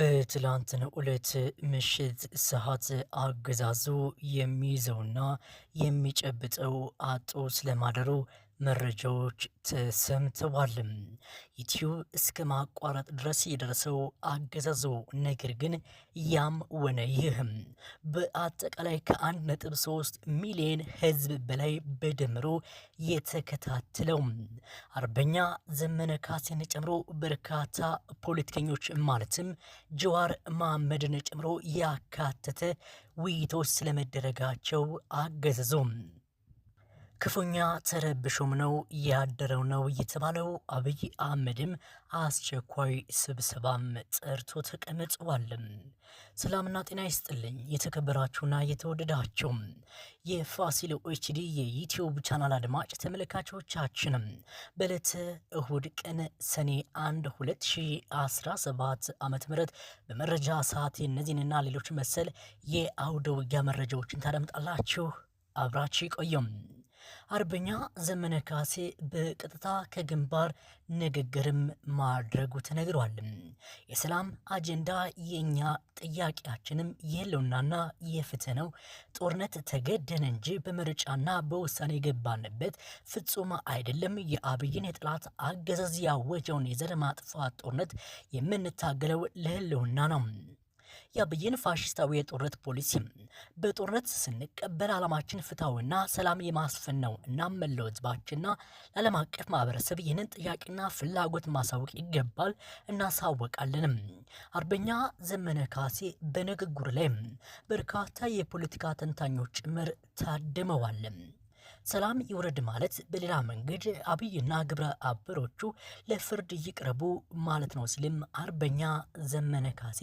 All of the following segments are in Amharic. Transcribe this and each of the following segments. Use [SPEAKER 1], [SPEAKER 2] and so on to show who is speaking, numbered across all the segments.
[SPEAKER 1] በትላንትና ዕለት ምሽት ሰዓት አገዛዙ የሚይዘውና የሚጨብጠው አጦ ስለማደሩ መረጃዎች ተሰምተዋል። ዩቲዩብ እስከ ማቋረጥ ድረስ የደረሰው አገዛዙ ነገር ግን ያም ወነ ይህም በአጠቃላይ ከአንድ ነጥብ ሶስት ሚሊዮን ህዝብ በላይ በድምሮ የተከታተለው አርበኛ ዘመነ ካሴን ጨምሮ በርካታ ፖለቲከኞች ማለትም ጀዋር መሐመድን ጨምሮ ያካተተ ውይይቶች ስለመደረጋቸው አገዛዙ ክፉኛ ተረብሾም ነው ያደረው ነው የተባለው። አብይ አህመድም አስቸኳይ ስብሰባም ጠርቶ ተቀምጠዋልም። ሰላምና ጤና ይስጥልኝ የተከበራችሁና የተወደዳችሁ የፋሲል ኦኤችዲ የዩትዩብ ቻናል አድማጭ ተመልካቾቻችንም በዕለተ እሁድ ቀን ሰኔ 1 2017 ዓ ም በመረጃ ሰዓት እነዚህንና ሌሎች መሰል የአውደ ውጊያ መረጃዎችን ታደምጣላችሁ። አብራችሁ ቆዩም። አርበኛ ዘመነ ካሴ በቀጥታ ከግንባር ንግግርም ማድረጉ ተነግሯል። የሰላም አጀንዳ የእኛ ጥያቄያችንም የህልውናና የፍትህ ነው። ጦርነት ተገደን እንጂ በምርጫና በውሳኔ የገባንበት ፍጹም አይደለም። የአብይን የጥላት አገዛዝ ያወጀውን የዘር ማጥፋት ጦርነት የምንታገለው ለህልውና ነው። የአብይን ፋሽስታዊ የጦርነት ፖሊሲ በጦርነት ስንቀበል ዓላማችን ፍትሐዊና ሰላም የማስፈን ነው። እናም መላው ህዝባችንና ለዓለም አቀፍ ማህበረሰብ ይህንን ጥያቄና ፍላጎት ማሳወቅ ይገባል። እናሳወቃለንም። አርበኛ ዘመነ ካሴ በንግግር ላይ በርካታ የፖለቲካ ተንታኞች ጭምር ታድመዋል። ሰላም ይውረድ ማለት በሌላ መንገድ አብይና ግብረ አበሮቹ ለፍርድ ይቅረቡ ማለት ነው ሲልም አርበኛ ዘመነ ካሴ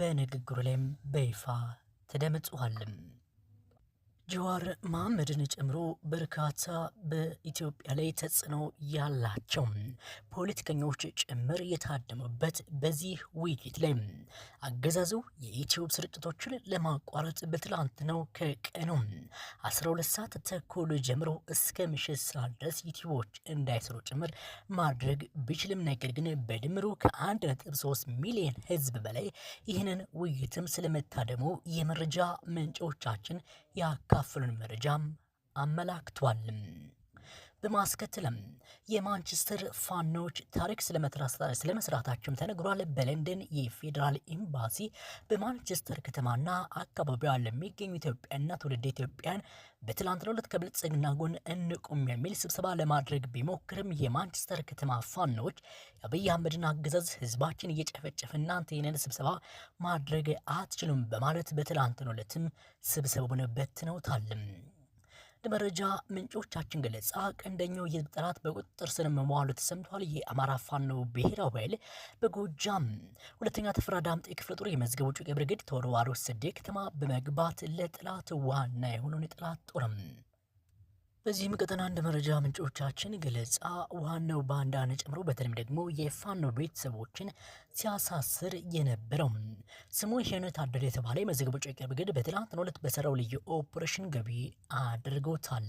[SPEAKER 1] በንግግሩ ላይም በይፋ ተደምጿልም። ጀዋር መሐመድን ጨምሮ በርካታ በኢትዮጵያ ላይ ተጽዕኖ ያላቸው ፖለቲከኞች ጭምር የታደሙበት በዚህ ውይይት ላይ አገዛዙ የዩትዩብ ስርጭቶችን ለማቋረጥ በትላንት ነው ከቀኑ 12 ሰዓት ተኩል ጀምሮ እስከ ምሽት ሰዓት ድረስ ዩትዩቦች እንዳይሰሩ ጭምር ማድረግ ቢችልም፣ ነገር ግን በድምሩ ከ1.3 ሚሊዮን ህዝብ በላይ ይህንን ውይይትም ስለመታደሙ የመረጃ ምንጮቻችን ያካ ያካፈሉን መረጃም አመላክቷልም። በማስከተልም የማንቸስተር ፋኖች ታሪክ ስለመስራታቸውም ተነግሯል። በለንደን የፌዴራል ኤምባሲ በማንቸስተር ከተማና አካባቢዋ ለሚገኙ ኢትዮጵያና ትውልድ ኢትዮጵያን በትላንትናው ዕለት ከብልጽግና ጎን እንቁም የሚል ስብሰባ ለማድረግ ቢሞክርም የማንቸስተር ከተማ ፋኖች የአብይ አህመድን አገዛዝ ህዝባችን እየጨፈጨፈ እናንተ ይህንን ስብሰባ ማድረግ አትችሉም በማለት በትላንትናው ዕለትም ስብሰባውን በትነውታል። ለመረጃ ምንጮቻችን ገለጻ ቀንደኛው የህዝብ ጠላት በቁጥጥር ስር መዋሉ ተሰምቷል። የአማራ ፋኖ ብሔራዊ ኃይል በጎጃም ሁለተኛ ተፈራ ዳምጤ ክፍለ ጦር የመዝገቡ ጮቄ ብርጌድ ተወርዋሪ ወሰዴ ከተማ በመግባት ለጠላት ዋና የሆነውን የጠላት ጦርም በዚህም ቀጠና አንድ መረጃ ምንጮቻችን ገለጻ ዋናው ባንዳን ጨምሮ በተለይም ደግሞ የፋኖ ቤተሰቦችን ሲያሳስር የነበረው ስሙ ሄኖት አደር የተባለ የመዘገቦች ብርጌድ በትላንትናው ዕለት በሰራው ልዩ ኦፕሬሽን ገቢ አድርጎታል።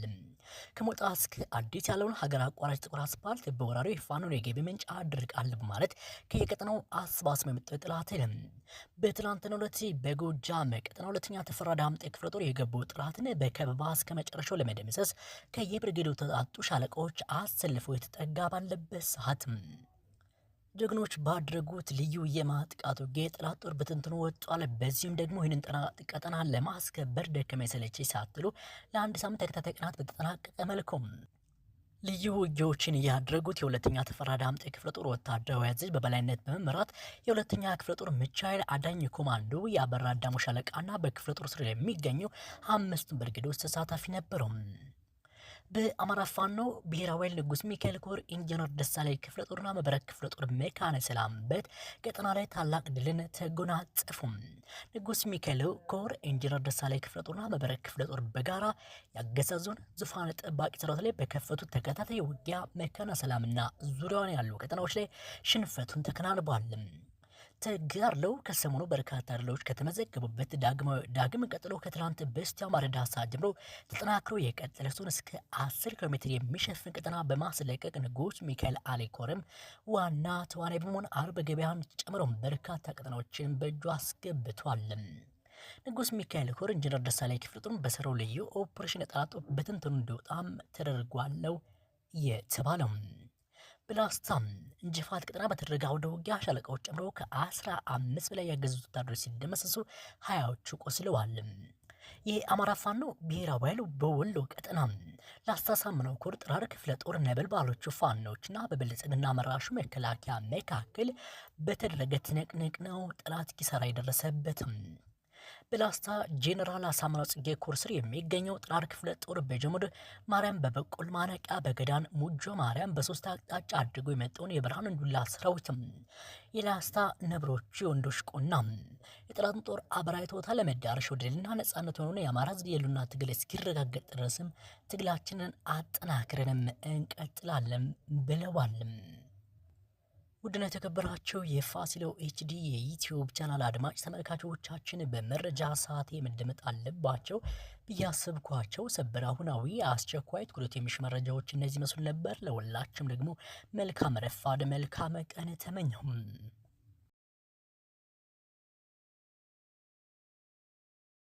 [SPEAKER 1] ከሞጣ እስከ አዲስ ያለውን ሀገር አቋራጭ ጥቁር አስፓልት በወራሪው የፋኖን የገቢ ምንጭ አድርጋል በማለት ከየቀጠናው አስባስ የመጣው ጠላት አይልም። በትናንትናው ዕለት በጎጃም ቀጠና ሁለተኛ ተፈራ ዳምጤ ክፍለ ጦር የገባው ጠላትን በከበባ እስከ መጨረሻው ለመደምሰስ ከየብርጌዱ ተጣጡ ሻለቃዎች አሰልፈው የተጠጋ ባለበት ሰዓት ጀግኖች ባድረጉት ልዩ የማጥቃት ውጊያ የጠላት ጦር በትንትኑ ወጥቷል። በዚሁም ደግሞ ይህንን ቀጠና ለማስከበር ደከመ ሰለቸኝ ሳትሉ ለአንድ ሳምንት ተከታታይ ቀናት በተጠናቀቀ መልኩም ልዩ ውጊያዎችን ያደረጉት የሁለተኛ ተፈራ ዳምጤ ክፍለ ጦር ወታደራዊ አዛዥ በበላይነት በመምራት የሁለተኛ ክፍለ ጦር ምቻይል አዳኝ ኮማንዶ የአበራ አዳሙ ሻለቃና በክፍለ ጦር ስር የሚገኙ አምስቱን ብርጌዶች ተሳታፊ ነበረው። በአማራ ፋኖ ብሔራዊ ንጉስ ሚካኤል ኮር ኢንጂነር ደሳለኝ ክፍለ ጦርና መብረቅ ክፍለ ጦር መካነ ሰላምበት ቀጠና ላይ ታላቅ ድልን ተጎናጸፉም። ንጉስ ሚካኤል ኮር ኢንጂነር ደሳለኝ ክፍለ ጦርና መብረቅ ክፍለ ጦር በጋራ ያገዛዙን ዙፋን ጠባቂ ሰራዊት ላይ በከፈቱት ተከታታይ ውጊያ መካነ ሰላምና ዙሪያውን ያሉ ቀጠናዎች ላይ ሽንፈቱን ተከናንቧል። ተጋድለው ከሰሞኑ በርካታ ድሎች ከተመዘገቡበት ዳግም ቀጥሎ ከትላንት በስቲያ ማረዳ ሰዓት ጀምሮ ተጠናክሮ የቀጠለ ሲሆን እስከ 10 ኪሎ ሜትር የሚሸፍን ቀጠና በማስለቀቅ ንጉስ ሚካኤል አሌኮርም ዋና ተዋናይ በመሆን አርብ ገበያን ጨምሮ በርካታ ቀጠናዎችን በእጁ አስገብቷል። ንጉስ ሚካኤል ኮር ኢንጂነር ደሳለኝ ክፍለጦር በሰራው ልዩ ኦፕሬሽን የጠላት በትንትኑ እንዲወጣም ተደርጓለው የተባለው። በላስታም እንጅፋት ቀጠና በተደረገ አውደ ውጊያ ሻለቃዎች ጨምሮ ከአስራ አምስት በላይ ያገዙት ወታደሮች ሲደመሰሱ ሀያዎቹ ቆስለዋል። ይህ አማራ ፋኖ ብሔራዊ ኃይሉ በወሎ ቀጠና ላስታሳምነው ኮር ጥራር ክፍለ ጦር ነበልባሎቹ ፋኖችና በብልጽግና መራሹ መከላከያ መካከል በተደረገ ትንቅንቅ ነው ጠላት ኪሳራ የደረሰበትም። በላስታ ጄኔራል አሳምነው ጽጌ ኮር ስር የሚገኘው ጥራር ክፍለ ጦር በጀሙድ ማርያም፣ በበቆል ማነቂያ፣ በገዳን ሙጆ ማርያም በሶስት አቅጣጫ አድጎ የመጣውን የብርሃን ዱላ ሰራዊትም የላስታ ነብሮቹ የወንዶች ቆና የጠላትን ጦር አበራዊ ቶታ ለመዳረሻው ድልና ነጻነት የሆነ የአማራ ሕዝብ የሉና ትግል እስኪረጋገጥ ድረስም ትግላችንን አጠናክረንም እንቀጥላለን ብለዋልም። ውድና የተከበራቸው የፋሲለው ኤችዲ የዩትዩብ ቻናል አድማጭ ተመልካቾቻችን በመረጃ ሰዓት መደመጥ አለባቸው ብያስብኳቸው ሰበር፣ አሁናዊ፣ አስቸኳይ ትኩረት የሚሽ መረጃዎች እነዚህ መስሉ ነበር። ለሁላችሁም ደግሞ መልካም ረፋድ፣ መልካም ቀን ተመኘሁም።